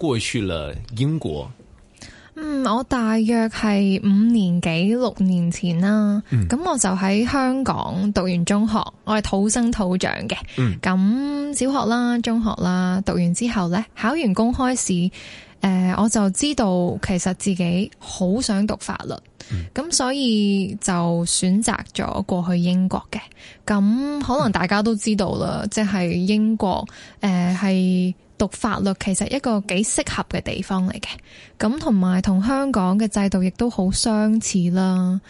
過去了英國，嗯，我大約係五年幾六年前啦，咁、嗯、我就喺香港讀完中學，我係土生土長嘅，咁、嗯、小學啦、中學啦，讀完之後呢，考完公開試，誒、呃，我就知道其實自己好想讀法律，咁、嗯、所以就選擇咗過去英國嘅，咁可能大家都知道啦，嗯、即係英國，誒、呃、係。讀法律其實一個幾適合嘅地方嚟嘅，咁同埋同香港嘅制度亦都好相似啦。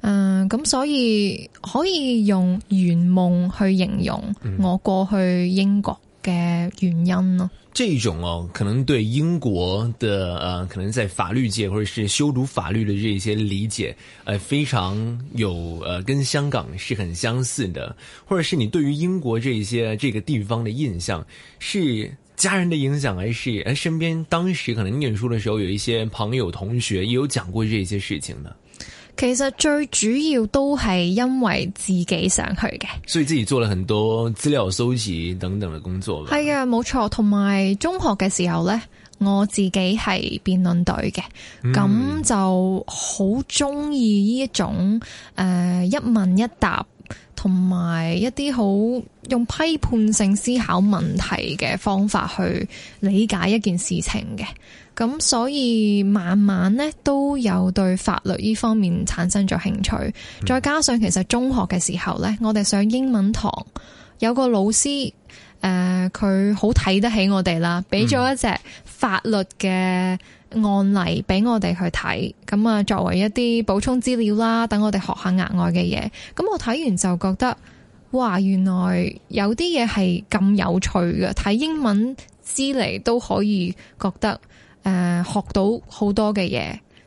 誒、呃，咁所以可以用圓夢去形容我過去英國嘅原因咯、嗯。這種哦、啊，可能對英國嘅、呃、可能在法律界或者是修讀法律嘅這些理解，誒、呃，非常有、呃、跟香港是很相似的，或者是你對於英國這些這個地方嘅印象是。家人的影響，還是誒，身邊當時可能念書的時候，有一些朋友同學也有講過這些事情的。其實最主要都係因為自己想去嘅，所以自己做了很多資料搜集等等的工作。係啊，冇錯。同埋中學嘅時候呢，我自己係辯論隊嘅，咁、嗯、就好中意呢一種誒、呃、一問一答。同埋一啲好用批判性思考問題嘅方法去理解一件事情嘅，咁所以慢慢咧都有對法律呢方面產生咗興趣。再加上其實中學嘅時候咧,我哋上英文堂有個老師誒，佢好睇得起我哋啦，俾咗一隻法律嘅案例俾我哋去睇，咁啊作為一啲補充資料啦，等我哋學下額外嘅嘢。咁我睇完就覺得，哇，原來有啲嘢係咁有趣嘅，睇英文之嚟，都可以覺得誒、呃、學到好多嘅嘢。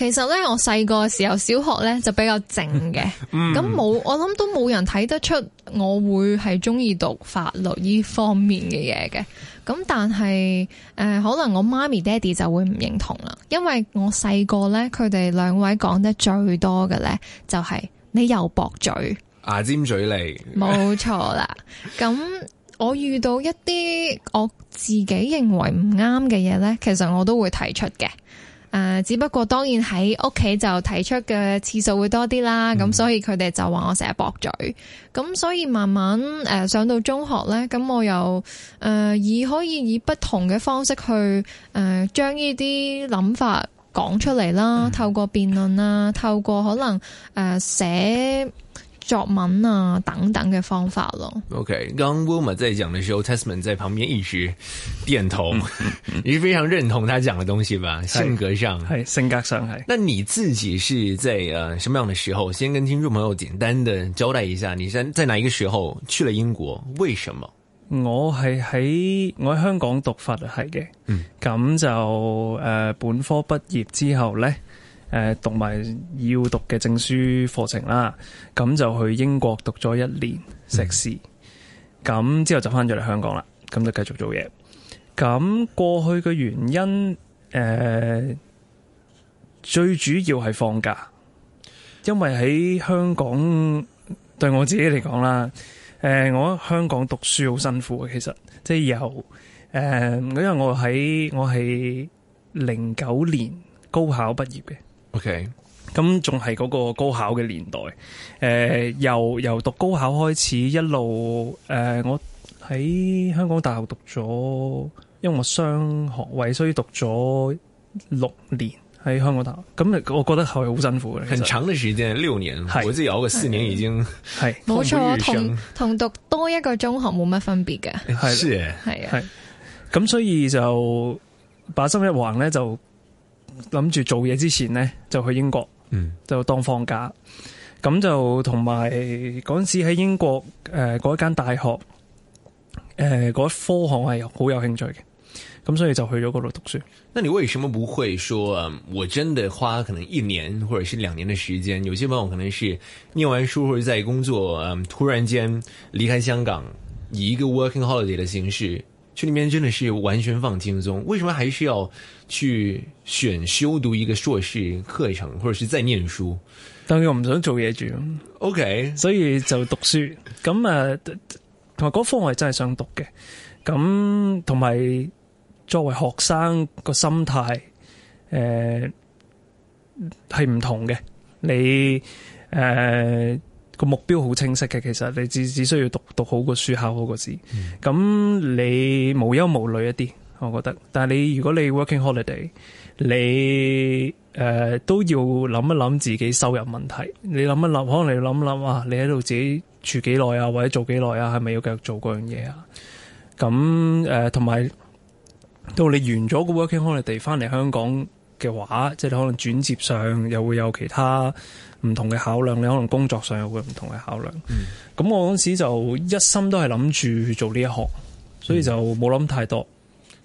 其實咧、 嗯，我細個嘅時候，小學咧就比較靜嘅，咁冇，我諗都冇人睇得出我會係中意讀法律依方面嘅嘢嘅。咁但係，誒、呃，可能我媽咪、爹哋就會唔認同啦，因為我細個咧，佢哋兩位講得最多嘅咧，就是，就係你又駁嘴，牙尖嘴利，冇 錯啦。咁我遇到一啲我自己認為唔啱嘅嘢咧，其實我都會提出嘅。誒、呃，只不過當然喺屋企就提出嘅次數會多啲啦，咁、嗯、所以佢哋就話我成日駁嘴，咁所以慢慢誒、呃、上到中學呢，咁我又誒而、呃、可以以不同嘅方式去誒將呢啲諗法講出嚟啦，嗯、透過辯論啦，透過可能誒寫。呃寫作文啊，等等嘅方法咯。OK，剛剛 Wilma 在講嘅時候、mm hmm.，Tesman 在旁邊一直點頭，mm hmm. 是非常認同他講嘅東西吧。Mm hmm. 性格上係，性格上係。那你自己是在呃，什麼樣的時候？先跟聽眾朋友簡單的交代一下，你在在哪一個時候去了英國？為什麼？我係喺我喺香港讀法律系嘅，嗯，咁、mm hmm. 就誒、呃、本科畢業之後咧。誒，讀埋要讀嘅證書課程啦，咁就去英國讀咗一年碩士，咁、嗯、之後就翻咗嚟香港啦，咁就繼續做嘢。咁過去嘅原因，誒、呃，最主要係放假，因為喺香港對我自己嚟講啦，誒、呃，我香港讀書好辛苦嘅，其實即係由，誒、呃，因為我喺我係零九年高考畢業嘅。OK，咁仲係嗰個高考嘅年代，誒、呃，由由讀高考開始一路，誒、呃，我喺香港大學讀咗，因為我雙學位，所以讀咗六年喺香港大學。咁、嗯，我覺得係好辛苦嘅。很長嘅時間，六年，是我自己熬過四年已經係冇錯，同同，同，同讀多一個中學冇乜分別嘅，係係係，咁、啊、所以就把心一橫咧就。諗住做嘢之前呢，就去英國，就當放假。咁、嗯、就同埋嗰陣時喺英國誒嗰一間大學誒嗰、呃、一科行係好有興趣嘅，咁所以就去咗嗰度讀書。那你為什麼不會說，我真的花可能一年或者是兩年的時間？有些朋友可能是念完書或者在工作，突然間離開香港，以一個 working holiday 的形式去，裏面真的是完全放輕鬆。為什麼還是要？去選修讀一個碩士課程，或者是再念書，但係我唔想做嘢住。O Okay . K，所以就讀書。咁誒，同埋嗰科我係真係想讀嘅。咁同埋作為學生個心態，誒係唔同嘅。你誒個、呃、目標好清晰嘅，其實你只只需要讀讀好個書，考好個試，咁、嗯、你無憂無慮一啲。我覺得，但係你如果你 working holiday，你誒、呃、都要諗一諗自己收入問題。你諗一諗，可能你諗一諗啊，你喺度自己住幾耐啊，或者做幾耐啊，係咪要繼續做嗰樣嘢啊？咁誒，同、呃、埋到你完咗個 working holiday 翻嚟香港嘅話，即係你可能轉接上又會有其他唔同嘅考量。你可能工作上又會唔同嘅考量。咁、嗯、我嗰陣時就一心都係諗住去做呢一行，所以就冇諗太多。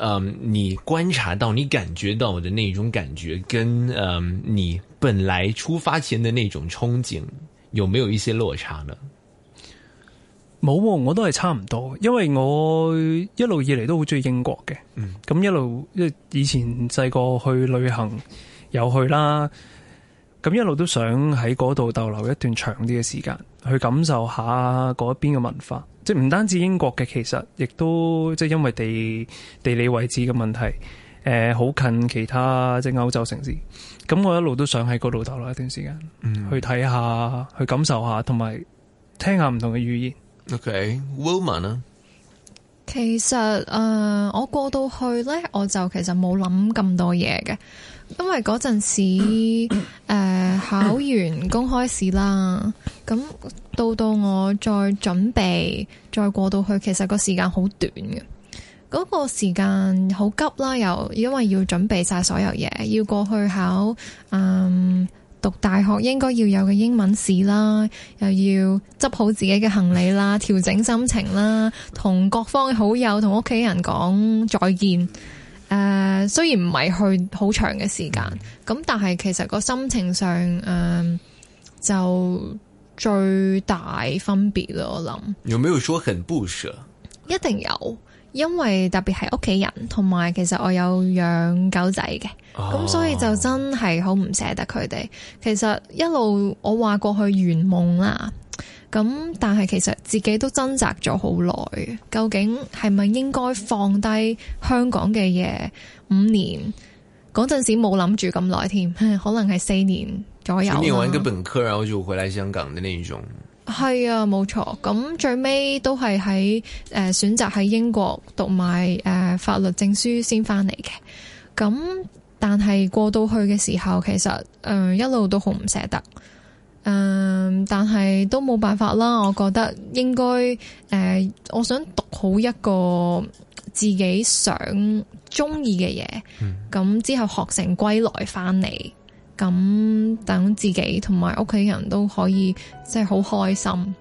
嗯，um, 你觀察到、你感覺到我的那種感覺，跟嗯你本來出發前的那種憧憬，有沒有一些落差呢？冇，我都係差唔多，因為我一路以嚟都好中意英國嘅，咁、嗯、一路因為以前細個去旅行有去啦，咁一路都想喺嗰度逗留一段長啲嘅時間，去感受一下嗰邊嘅文化。即唔單止英國嘅，其實亦都即係因為地地理位置嘅問題，誒、呃、好近其他即係歐洲城市。咁我，我一路都想喺嗰度逗留、mm hmm. 一段時間，去睇下，去感受下，下同埋聽下唔同嘅語言。OK，woman、okay. 啊，其實誒、呃、我過到去咧，我就其實冇諗咁多嘢嘅。因為嗰陣時誒、呃、考完公開試啦，咁到到我再準備再過到去，其實個時間好短嘅，嗰個時間好急啦，又因為要準備晒所有嘢，要過去考嗯讀大學應該要有嘅英文試啦，又要執好自己嘅行李啦，調整心情啦，同各方嘅好友同屋企人講再見。誒，uh, 雖然唔係去好長嘅時間，咁但係其實個心情上，誒、uh, 就最大分別咯，我諗。有沒有說很不捨？一定有，因為特別係屋企人，同埋其實我有養狗仔嘅，咁、oh. 所以就真係好唔捨得佢哋。其實一路我話過去圓夢啦。咁，但係其實自己都掙扎咗好耐，究竟係咪應該放低香港嘅嘢？五年，嗰陣時冇諗住咁耐添，可能係四年左右。讀完一個本科，然後就回來香港嘅那一種。係啊，冇錯。咁最尾都係喺誒選擇喺英國讀埋誒、呃、法律證書先翻嚟嘅。咁但係過到去嘅時候，其實誒、呃、一路都好唔捨得。嗯，但係都冇辦法啦。我覺得應該，誒、呃，我想讀好一個自己想中意嘅嘢，咁、嗯嗯、之後學成歸來翻嚟，咁、嗯、等自己同埋屋企人都可以即係好開心。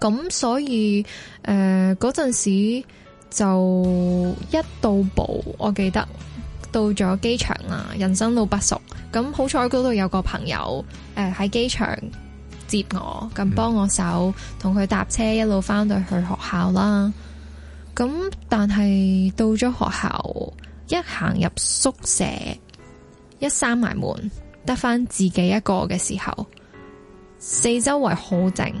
咁、嗯、所以，誒嗰陣時候就一到步，我記得。到咗機場啦，人生路不熟，咁好彩嗰度有個朋友，誒喺機場接我，咁幫我手同佢搭車一路翻到去學校啦。咁但係到咗學校，一行入宿舍，一閂埋門，得翻自己一個嘅時候，四周圍好靜。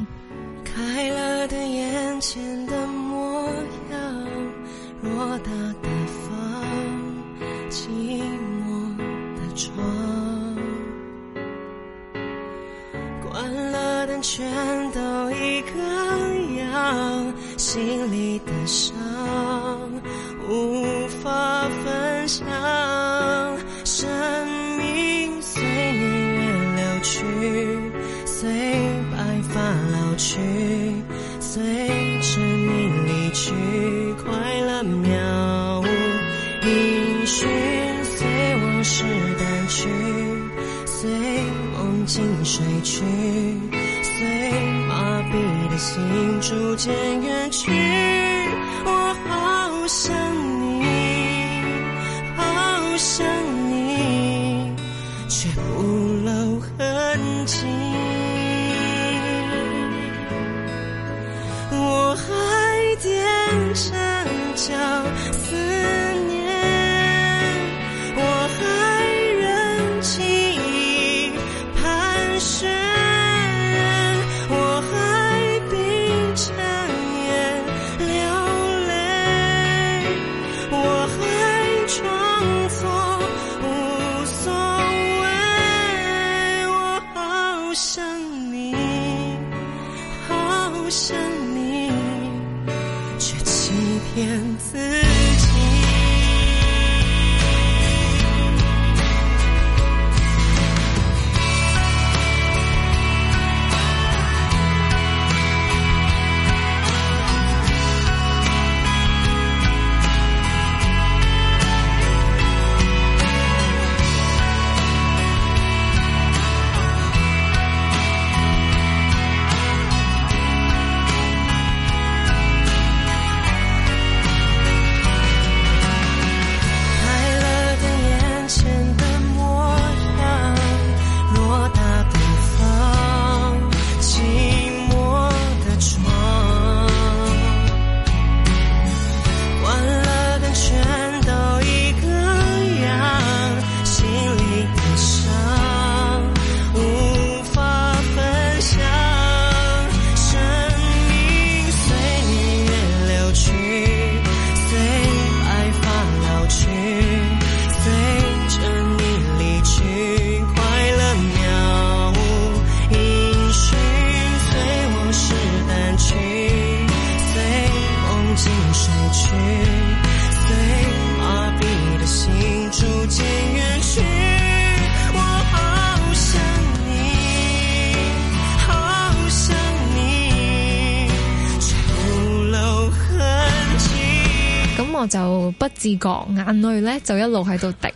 眼淚咧就一路喺度滴，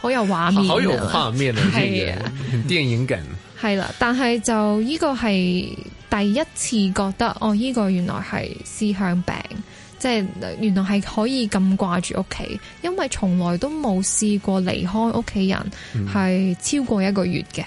好有畫面的，好有畫面啊！係電影、啊、電影感梗係啦、啊。但係就呢個係第一次覺得，哦，呢、這個原來係思鄉病，即、就、係、是、原來係可以咁掛住屋企，因為從來都冇試過離開屋企人係超過一個月嘅、嗯。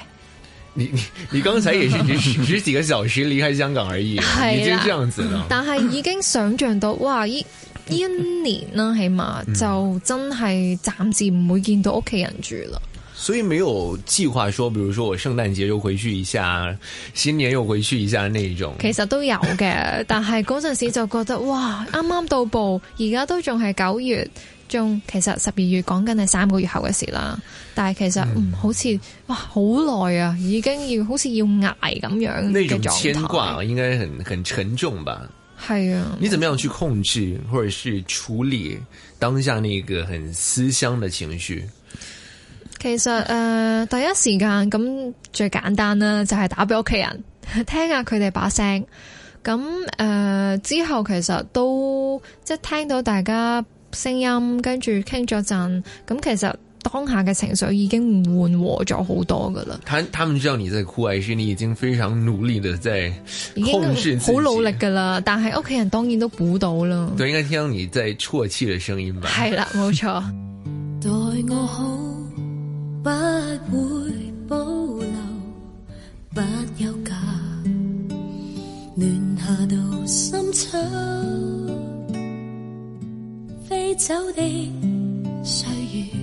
你你你剛才也是主持嘅時候，只係離開香港而已，已經、啊、這樣子啦。但係已經想象到，哇！依一年啦、啊，起碼就真係暫時唔會見到屋企人住啦。所以沒有計劃說，比如說我聖誕節又回去一下，新年又回去一下那一種。其實都有嘅，但係嗰陣時就覺得，哇，啱啱到步，而家都仲係九月，仲其實十二月講緊係三個月後嘅事啦。但係其實嗯，嗯，好似哇，好耐啊，已經要好似要挨咁樣呢，那種牽掛應該很很沉重吧。係啊，你怎麼樣去控制，或者是處理當下那個很思鄉嘅情緒？其實誒、呃，第一時間咁最簡單啦，就係打俾屋企人聽下佢哋把聲。咁誒、呃、之後其實都即係聽到大家聲音，跟住傾咗陣，咁其實。當下嘅情緒已經緩和咗好多噶啦，他他們知道你在哭，還是你已經非常努力的在控制，好努力噶啦。但係屋企人當然都估到了，對，都應該聽到你在啜泣的聲音吧？係啦，冇錯。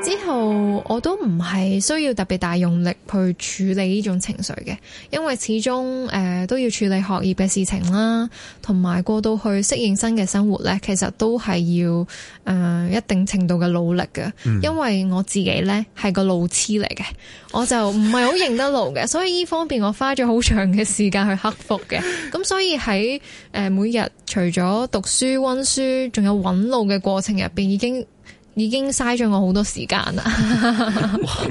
之後我都唔係需要特別大用力去處理呢種情緒嘅，因為始終誒、呃、都要處理學業嘅事情啦，同埋過到去適應新嘅生活咧，其實都係要誒、呃、一定程度嘅努力嘅。嗯、因為我自己咧係個路痴嚟嘅,我就唔係好認得路嘅， 所以呢方面我花咗好長嘅時間去克服嘅。咁 所以喺誒、呃、每日除咗讀書溫書，仲有揾路嘅過程入邊已經。已經嘥咗我好多時間啦，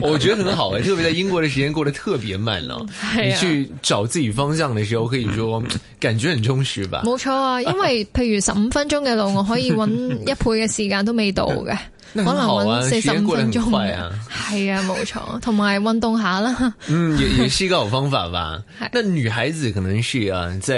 我覺得很好、啊、 特別在英國嘅時間過得特別慢咯、啊。啊、你去找自己方向嘅時候，可以說感覺很充實吧。冇錯啊，因為譬如十五分鐘嘅路，我可以揾一倍嘅時間都未到嘅，啊啊、可能揾四十五分鐘。係啊，係啊，冇錯，同埋運動下啦。嗯，也也是一個好方法吧。但 是女孩子可能是啊，在。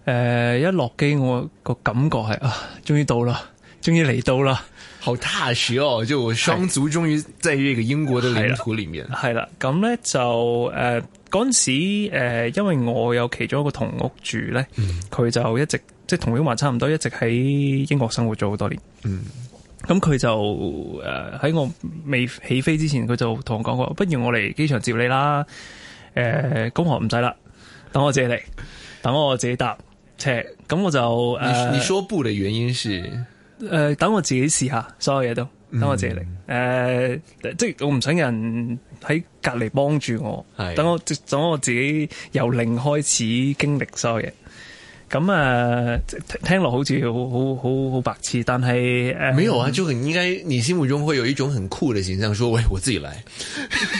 誒、呃，一落機我個感覺係啊，終於到啦，終於嚟到啦，好踏實哦！即係我雙足終於企喺呢個英國嘅領土裏面。係啦，咁咧就誒嗰陣時誒、呃，因為我有其中一個同屋住咧，佢、嗯、就一直即係同英華差唔多，一直喺英國生活咗好多年。嗯，咁佢就誒喺、呃、我未起飛之前，佢就同我講過，不如我嚟機場接你啦。誒、呃，公行唔使啦，等我自己嚟，等我自己搭。咁我就誒，你說不的原因是，誒、呃，等我自己試下，所有嘢，都等我自己嚟，誒、嗯、呃，即係我唔想有人喺隔籬幫住我，係，等我等我自己由零開始經歷所有嘢，咁啊、呃，聽落好似好好好好白痴，但係誒，呃、沒有啊，就你應該你心目中會有一種很酷嘅形象，說喂，我自己嚟，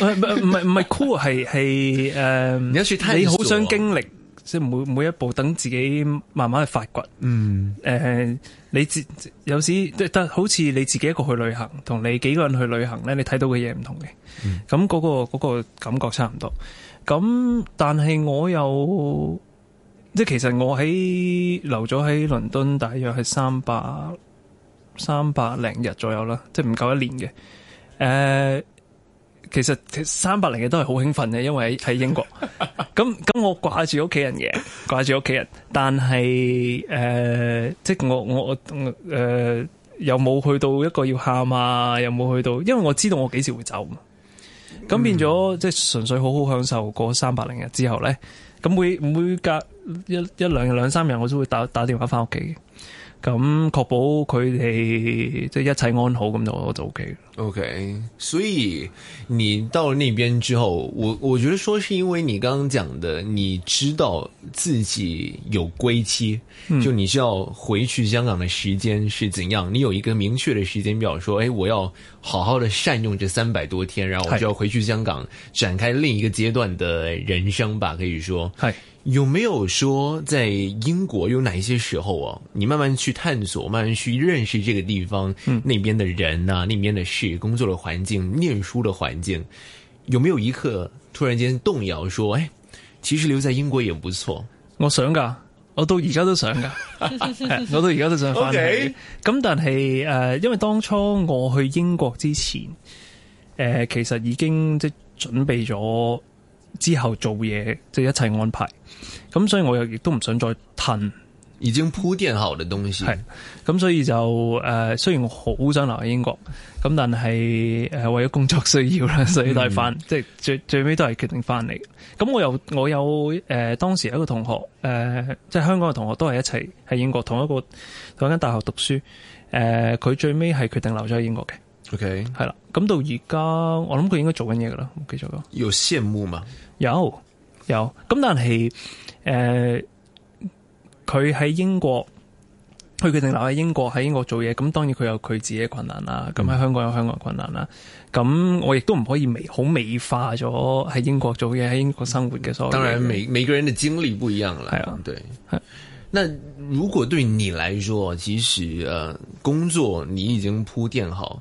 唔係唔係酷，係係誒，有說、呃、你好想經歷。即係每每一步，等自己慢慢去發掘。嗯。誒、呃，你自有時即係得好似你自己一個去旅行，同你幾個人去旅行咧，你睇到嘅嘢唔同嘅。嗯。咁、嗰個。咁、嗰個、嗰個感覺差唔多。咁但係我又即係其實我喺留咗喺倫敦，大約係三百、三百零日左右啦，即係唔夠一年嘅。誒、呃。其實三百零日都係好興奮嘅，因為喺英國咁咁，我掛住屋企人嘅，掛住屋企人。但係誒、呃，即係我我我誒、呃，又冇去到一個要喊啊，又冇去到，因為我知道我幾時會走，咁變咗即係純粹好好享受過三百零日之後呢。咁每每隔一一兩日兩三日，我都會打打電話翻屋企。咁、嗯、確保佢哋即係一切安好咁就就 OK。OK，所以你到呢邊之後，我我覺得說，是因為你剛剛講的，你知道自己有歸期，就你需要回去香港的時間是怎樣，嗯、你有一個明確的時間表，說，誒、欸、我要好好的善用這三百多天，然後我就要回去香港，展開另一個階段的人生吧，可以說，係。有沒有說在英國有哪一些時候啊？你慢慢去探索，慢慢去認識這個地方，嗯，那邊的人啊，那邊的事，工作的環境，念書的環境，有沒有一刻突然間動搖，說，誒、哎，其實留在英國也不錯。我想噶，我到而家都想噶， 我到而家都想翻嚟。咁 Okay? 但係誒、呃，因為當初我去英國之前，誒、呃，其實已經即係準備咗。之後做嘢即係一齊安排，咁所以我又亦都唔想再褪。已經鋪墊好嘅東西係，咁所以就誒、呃，雖然我好想留喺英國，咁但係誒、呃、為咗工作需要啦，所以都係翻，嗯、即係最最尾都係決定翻嚟。咁我又我有誒、呃，當時有一個同學誒，即、呃、係、就是、香港嘅同學，都係一齊喺英國同一個同一間大學讀書，誒、呃，佢最尾係決定留咗喺英國嘅。O K，係啦，咁 Okay. 到而家，我諗佢應該做緊嘢噶啦，繼續咯。有羨慕嘛？有有，咁但係誒，佢、呃、喺英國，佢決定留喺英國，喺英國做嘢。咁當然佢有佢自己嘅困難啦。咁喺、嗯、香港有香港嘅困難啦。咁我亦都唔可以美好美化咗喺英國做嘢，喺英國生活嘅所有。當然每，每每個人嘅經歷不一樣啦。係啊了，對。如果對你嚟說，其實誒工作你已經鋪墊好。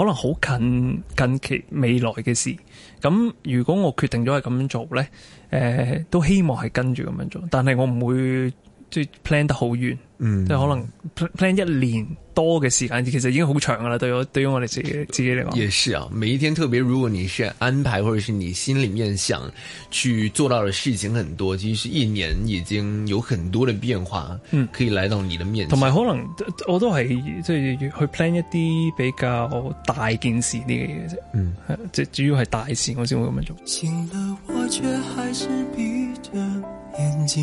可能好近近期未來嘅事，咁如果我決定咗係咁樣做咧，誒、呃、都希望係跟住咁樣做，但係我唔會即係 plan 得好遠。嗯，即係可能 plan 一年多嘅時間，其實已經好長噶啦。對我對於我哋自己自己嚟講，也是啊。每一天特別，如果你是安排，或者是你心裏面想去做到嘅事情很多，其實一年已經有很多嘅變化。可以來到你的面前。同埋，嗯，可能我都係即係去 plan 一啲比較大件事啲嘅嘢啫。嗯，即係主要係大事我先會咁樣做。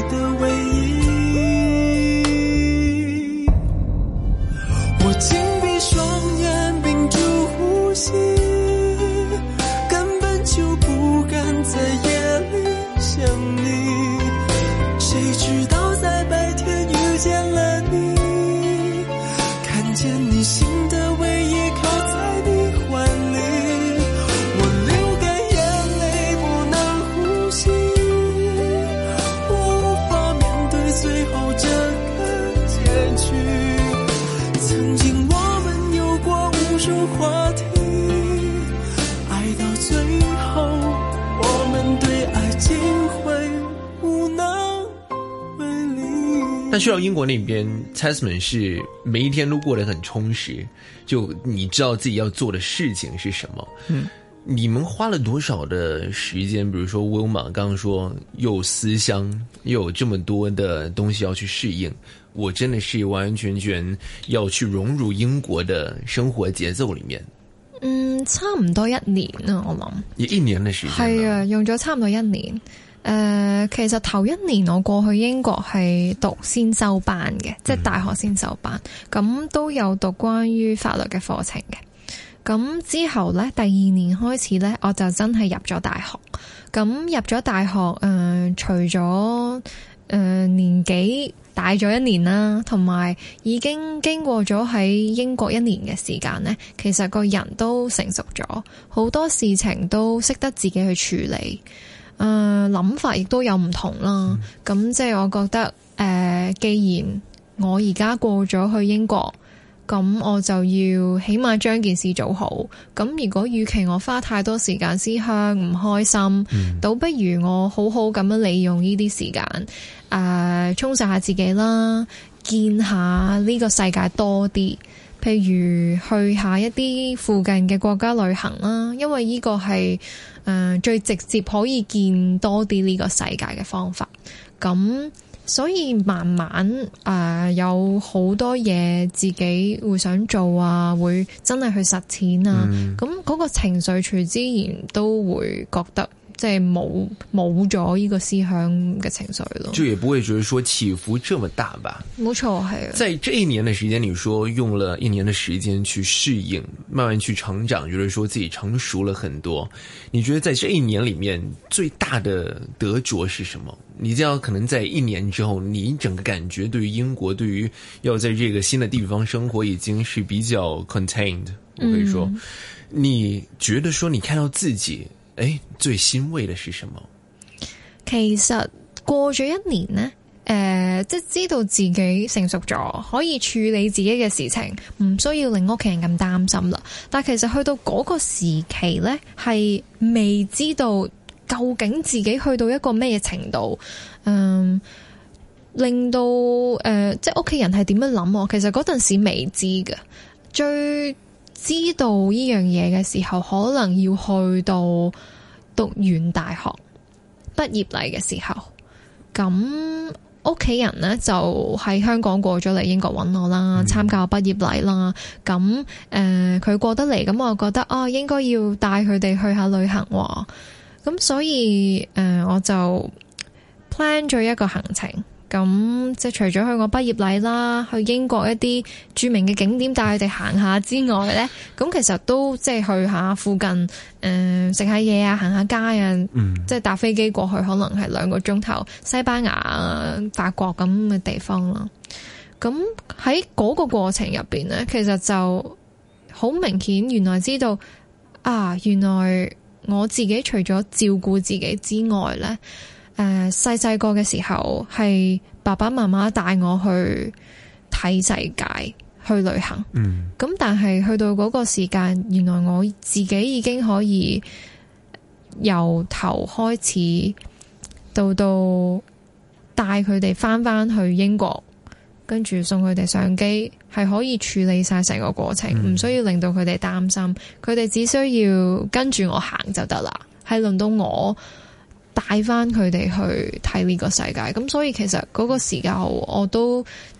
到英國那邊，Tesman 是每一天都過得很充實，就你知道自己要做的事情是什麼。嗯，你們花了多少的時間？比如說 Will 剛剛說又思鄉，又有這麼多的東西要去適應，我真的是完完全全要去融入英國的生活節奏裏面。嗯，差唔多一年啊，我諗也一年的時間。係啊，用咗差唔多一年。誒、呃，其實頭一年我過去英國係讀先修班嘅，嗯、即係大學先修班，咁都有讀關於法律嘅課程嘅。咁之後呢，第二年開始呢，我就真係入咗大學。咁入咗大學，誒、呃，除咗、呃、年紀大咗一年啦，同埋已經經過咗喺英國一年嘅時間呢，其實個人都成熟咗，好多事情都識得自己去處理。誒，諗、呃、法亦都有唔同啦。咁、嗯、即係我覺得，誒、呃，既然我而家過咗去英國，咁我就要起碼將件事做好。咁如果與其我花太多時間思鄉唔開心，嗯、倒不如我好好咁樣利用呢啲時間，誒、呃，充實下自己啦，見下呢個世界多啲。譬如去下一啲附近嘅國家旅行啦，因為呢個係。誒，最直接可以見多啲呢個世界嘅方法，咁所以慢慢誒、呃，有好多嘢自己會想做啊，會真係去實踐啊，咁嗰、嗯、個情緒處之然都會覺得。即係冇冇咗呢個思鄉嘅情緒咯，就也不會覺得說起伏這麼大吧？冇錯，係啊。在這一年嘅時間，你說用了一年嘅時間去適應，慢慢去成長，覺得說自己成熟了很多。你覺得在這一年裏面最大的得着是什麼？你只要可能在一年之後，你整個感覺對於英國，對於要在這個新的地方生活，已經是比較 contained。我可以說，嗯、你覺得說你看到自己。誒，最欣慰的是什麼？其實過咗一年呢，誒、呃，即知道自己成熟咗，可以處理自己嘅事情，唔需要令屋企人咁擔心啦。但其實去到嗰個時期呢，係未知道究竟自己去到一個咩程度，嗯、呃，令到誒、呃，即係屋企人係點樣諗？其實嗰陣時未知嘅最。知道呢樣嘢嘅時候，可能要去到讀完大學畢業禮嘅時候，咁屋企人咧就喺香港過咗嚟英國揾我啦，參加畢業禮啦。咁誒，佢、呃、過得嚟，咁我覺得哦，應該要帶佢哋去下旅行。咁所以誒、呃，我就 plan 咗一個行程。咁即係除咗去我畢業禮啦，去英國一啲著名嘅景點帶佢哋行下之外呢，咁其實都即係去下附近誒食下嘢啊，行下街啊，即係搭飛機過去可能係兩個鐘頭，西班牙啊、法國咁嘅地方啦。咁喺嗰個過程入邊呢，其實就好明顯，原來知道啊，原來我自己除咗照顧自己之外呢，誒，細細個嘅時候係爸爸媽媽帶我去睇世界去旅行，咁、mm. 但係去到嗰個時間，原來我自己已經可以由頭開始到到帶佢哋返返去英國，跟住送佢哋上機，係可以處理晒成個過程，唔需要令到佢哋擔心，佢哋只需要跟住我走就行就得啦。係輪到我。帶翻佢哋去睇呢個世界，咁所以其實嗰個時間我都。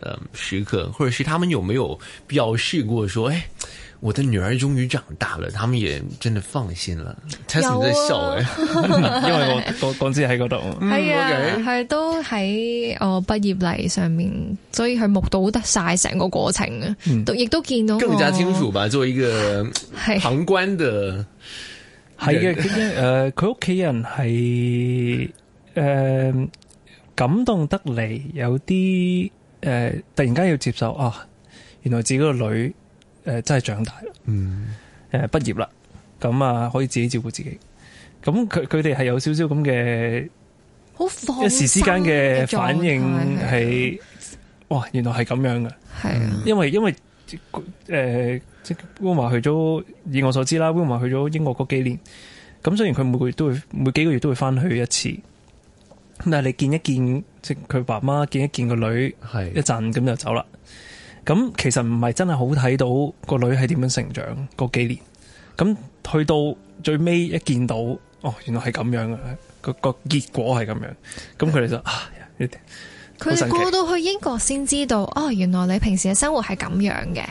呃時刻，或者是他們有沒有表示過說，誒，我的女兒終於長大了，他們也真的放心了。test m s e l、啊、 因為我講講字喺嗰度，係啊，係 okay? 都喺我畢業禮上面，所以佢目睹得晒成個過程啊，亦、嗯、都見到更加清楚吧，作為一個旁觀的，係嘅， 因為誒，佢屋企人係誒、呃、感動得嚟，有啲。誒、呃，突然間要接受啊原來自己個女誒、呃、真係長大啦，誒畢、嗯呃、業啦，咁啊可以自己照顧自己。咁佢佢哋係有少少咁嘅，一時之間嘅反應係，哇，原來係咁樣㗎。係啊的，因為因為誒，溫華去咗，以我所知啦，溫華去咗英國嗰幾年，咁雖然佢每個月都會，每幾個月都會返去一次，但係你見一見。即佢爸媽見一見個女一陣咁就走啦。咁是的 其實唔係真係好睇到個女係點樣成長嗰幾年。咁去到最尾一見到哦，原來係咁樣嘅，個個結果係咁樣。咁佢哋就 啊～佢哋過到去英國先知道，哦，原來你平時嘅生活係咁樣嘅，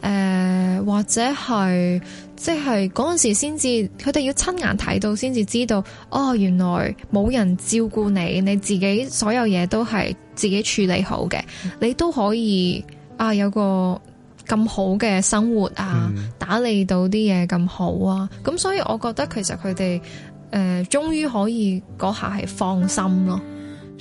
誒，或者係即係嗰陣時先至，佢哋要親眼睇到先至知道，哦，原來冇人照顧你，你自己所有嘢都係自己處理好嘅，嗯、你都可以啊有個咁好嘅生活啊，嗯、打理到啲嘢咁好啊，咁所以我覺得其實佢哋誒終於可以嗰下係放心咯。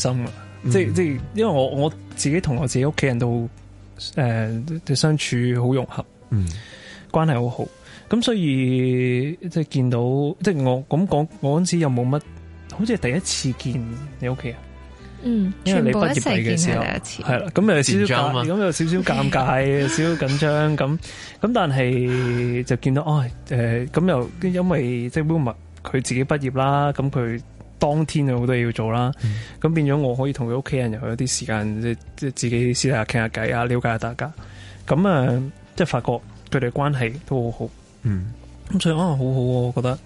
心即係即係，嗯、因為我自己我自己同我自己屋企人都誒相處好融合，嗯，關係好好。咁所以即係見到，即係我咁講，我嗰陣時又冇乜，好似係第一次見你屋企人，嗯，因為你畢業禮嘅時候係啦，咁誒少少咁有少爭、啊、有少尷尬， 有少少緊張咁，咁 但係就見到，哦、哎，誒咁又因為即係 Will 麥佢自己畢業啦，咁佢。當天有好多嘢要做啦，咁、嗯、變咗我可以同佢屋企人又有啲時間，即即自己私下傾下偈啊，了解下大家，咁、呃嗯、啊，即發覺佢哋關係都好好，嗯，咁所以啊好好，我覺得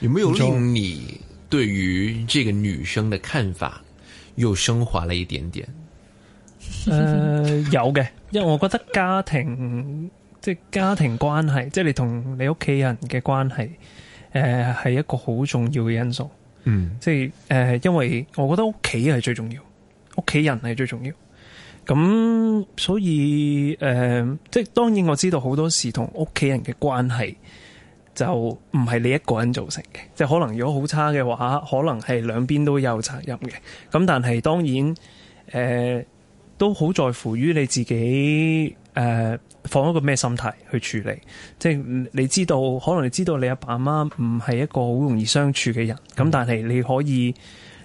有冇有令你對於這個女生的看法又升華了一點點？誒、呃，有嘅，因為我覺得家庭即家庭關係，即你同你屋企人嘅關係，誒、呃，係一個好重要嘅因素。嗯，即係誒，因為我覺得屋企係最重要，屋企人係最重要。咁所以誒、呃，即係當然我知道好多時同屋企人嘅關係就唔係你一個人造成嘅，即係可能如果好差嘅話，可能係兩邊都有責任嘅。咁但係當然誒、呃，都好在乎於你自己。誒放一個咩心態去處理，即係你知道，可能你知道你阿爸阿媽唔係一個好容易相處嘅人，咁、嗯、但係你可以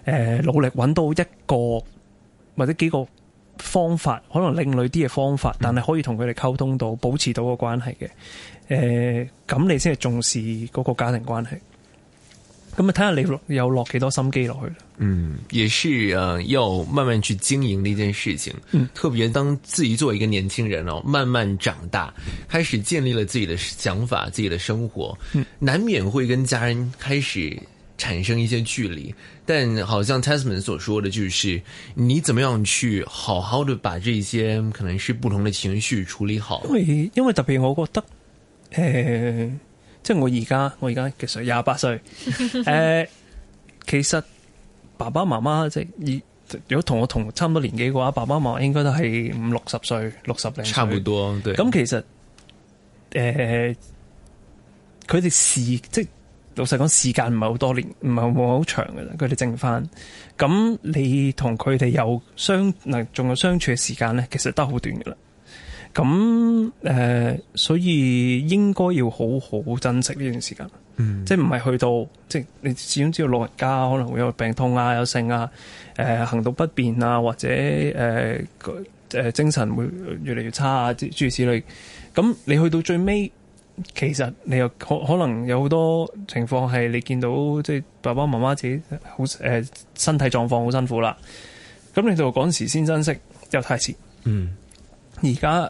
誒努力揾到一個或者幾個方法，可能另類啲嘅方法，但係可以同佢哋溝通到，保持到個關係嘅，誒、呃、咁你先係重視嗰個家庭關係。咁啊，睇下你落有落幾多心機落去。嗯，也是要慢慢去經營的一件事情。嗯，特別當自己作為一個年輕人哦，慢慢長大，開始建立了自己的想法、自己的生活，難免會跟家人開始產生一些距離。但好像 Tesman 所說的，就是你怎麼樣去好好的把這些可能是不同的情緒處理好。因為因為特別我覺得、呃即係我而家，我而家其實廿八歲。誒、 呃，其實爸爸媽媽即如果同我同差唔多年紀嘅話，爸爸媽媽應該都係五六十歲、六十零。差唔多，對，咁、嗯、其實誒，佢、呃、哋時即老實講，時間唔係好多年，唔係冇好長㗎啦。佢哋剩返咁，你同佢哋有相仲有相處嘅時間咧，其實都好短㗎啦。咁誒、呃，所以應該要好好珍惜呢段時間。嗯，即唔係去到即你始終知道老人家可能會有病痛啊、有性啊、呃、行動不便啊，或者誒、呃呃、精神會越嚟越差啊諸如此類。咁你去到最尾，其實你又可可能有好多情況係你見到即爸爸媽媽自己好、呃、身體狀況好辛苦啦。咁你到嗰時先珍惜又太遲。嗯，而家。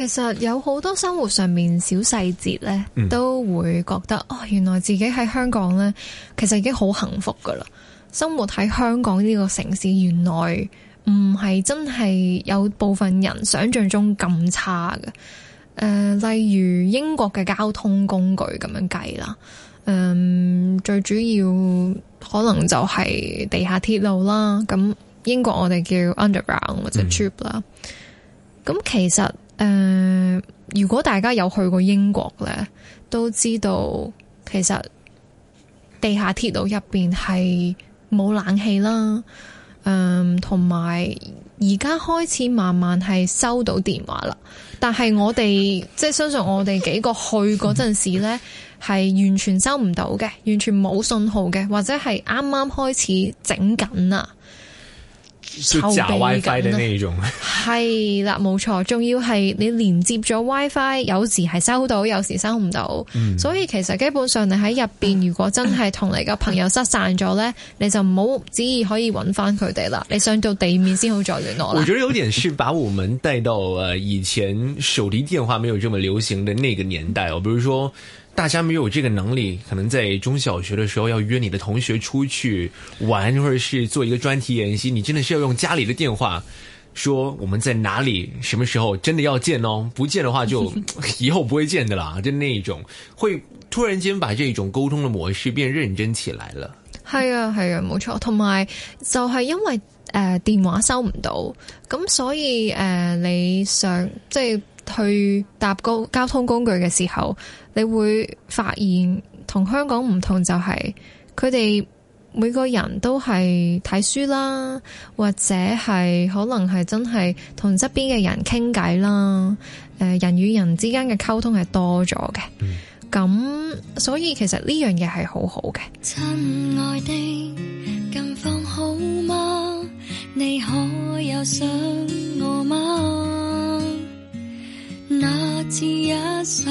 其實有好多生活上面小細節咧，都會覺得哦，原來自己喺香港咧，其實已經好幸福噶啦。生活喺香港呢個城市，原來唔係真係有部分人想象中咁差嘅。誒，例如英國嘅交通工具咁樣計啦，嗯、呃，最主要可能就係地下鐵路啦。咁英國我哋叫 underground 或者 tube 啦。咁其實。誒、呃，如果大家有去過英國咧，都知道其實地下鐵路入邊係冇冷氣啦。嗯、呃，同埋而家開始慢慢係收到電話啦，但係我哋即係相信我哋幾個去嗰陣時呢，係完全收唔到嘅，完全冇信號嘅，或者係啱啱開始整緊啊。偷啦，係啦，冇錯，仲 要係你連接咗 WiFi，有時係收到，有時收唔到。嗯、所以其實基本上你喺入邊，如果真係同你個朋友失散咗呢， 你就唔好旨意可以揾翻佢哋啦。你上到地面先好再聯絡咯。我覺得有點是把我們帶到以前手提電話沒有這麼流行的那個年代，哦，比如說。大家沒有這個能力，可能在中小學的時候要約你的同學出去玩，或者是做一個專題研習，你真的是要用家裏的電話說我們在哪裏，什麼時候真的要見哦，不見的話就以後不會見的啦，就那一種會突然間把這種溝通的模式變認真起來了。係啊，係啊，冇錯。同埋就係因為誒、呃、電話收唔到，咁所以誒、呃、你想即係去搭公共交通工具嘅時候。你會發現同香港唔同就係佢哋每個人都係睇書啦，或者係可能係真係同側邊嘅人傾偈啦，誒，人與人之間嘅溝通係多咗嘅，咁、嗯、所以其實呢樣嘢係好好嘅。親愛的，近況好嗎？你可有想我嗎？那次一生